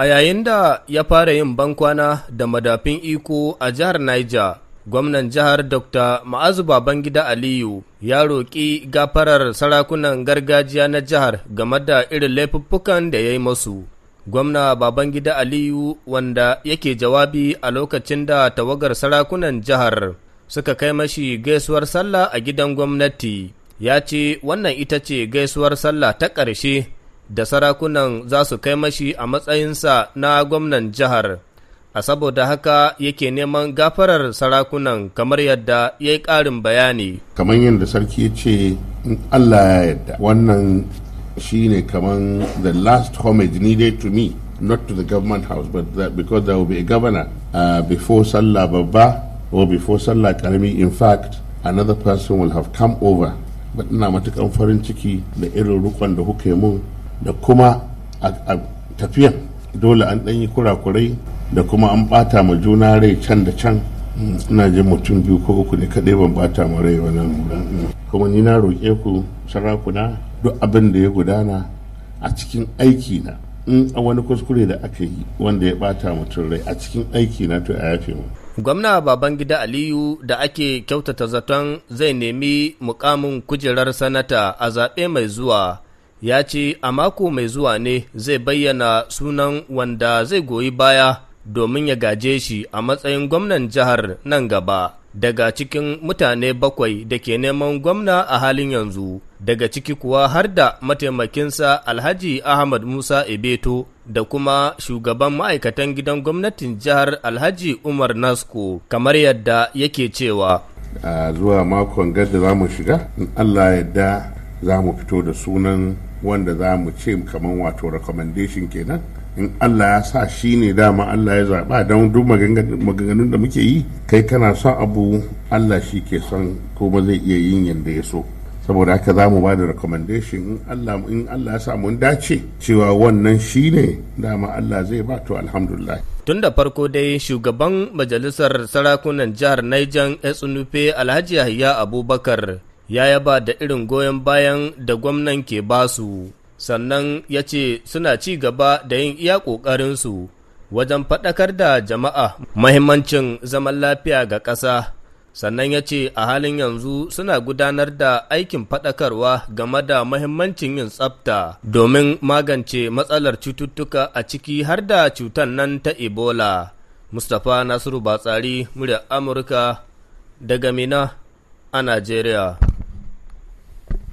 A yayin da ya fara yin bankwana da madafin iko a jihar Niger, gwamnan jihar Dr. Ma'azu Babangida Aliyu ya roƙi gafarar sarakunan gargajiya na jihar game da irin laifuffukan da ya yi masu. Gwamna Babangida Aliyu wanda yake jawabi a lokacin da tawagar sarakunan jihar suka kai mashi gaisuwar sallah a gidan gwamnati, ya ce wannan ita ce gaisuwar sallah ta ƙarshe da sarakunan za su kai mashi a matsayinsa na gwamnan jihar, a saboda haka yake neman gafarar sarakunan kamar yadda ya yi ƙarin bayani. Kamar yadda sarki ya ce, in Allah ya yadda. wannan shi ne kamar the last homage needed to me, not to the government house, but that because there will be a governor uh, before Sallah Babba or before Sallah Karami, in fact, another person will have come over. But ina matukan farin ciki da irin rukon da kuka mun da kuma a tafiyan dole an ɗanyi kurakurai da kuma an bata ma juna rai can da can mm, ina jin mutum biyu ko uku ne kaɗai ban ɓata ma rai wannan mm, kuma ni na roƙe ku sarakuna duk abin da ya gudana a cikin aiki na in a wani kuskure da aka yi wanda ya bata mutum rai a cikin aiki na to a yafe mu gwamna babangida aliyu da ake kyautata zaton zai nemi mukamin kujerar sanata a zaɓe mai zuwa ya ce a mako mai zuwa ne zai bayyana sunan wanda zai goyi baya domin ya gaje shi a matsayin gwamnan jihar nan gaba daga cikin mutane bakwai da ke neman gwamna a halin yanzu daga ciki kuwa har da mataimakinsa alhaji ahmad musa ebeto da kuma shugaban ma'aikatan gidan gwamnatin jihar alhaji umar nasko kamar yadda yake cewa zuwa makon gadda za mu shiga allah yadda za mu fito da sunan wanda za mu ce kamar wato recommendation kenan in Allah ya sa shi ne dama Allah ya zaɓa don duk maganganun da muke yi kai kana son abu Allah shi ke son kuma zai iya yin yadda ya so saboda haka za mu ba da recommendation in Allah in ya sa mun dace cewa wannan shi ne dama Allah zai ba to alhamdulillah tun da farko dai shugaban majalisar sarakunan jihar Niger Etsunufe Alhaji Yahya Abubakar ya yaba da irin goyon bayan da gwamnan ke basu sannan ya ce suna ci gaba da yin iya ƙoƙarinsu wajen faɗakar da jama'a mahimmancin zaman lafiya ga ƙasa sannan ya ce a halin yanzu suna gudanar da aikin faɗakarwa game da mahimmancin yin tsafta domin magance matsalar cututtuka a ciki har da cutar nan ta ebola mustapha nasiru batsari murya amurka daga mina a najeriya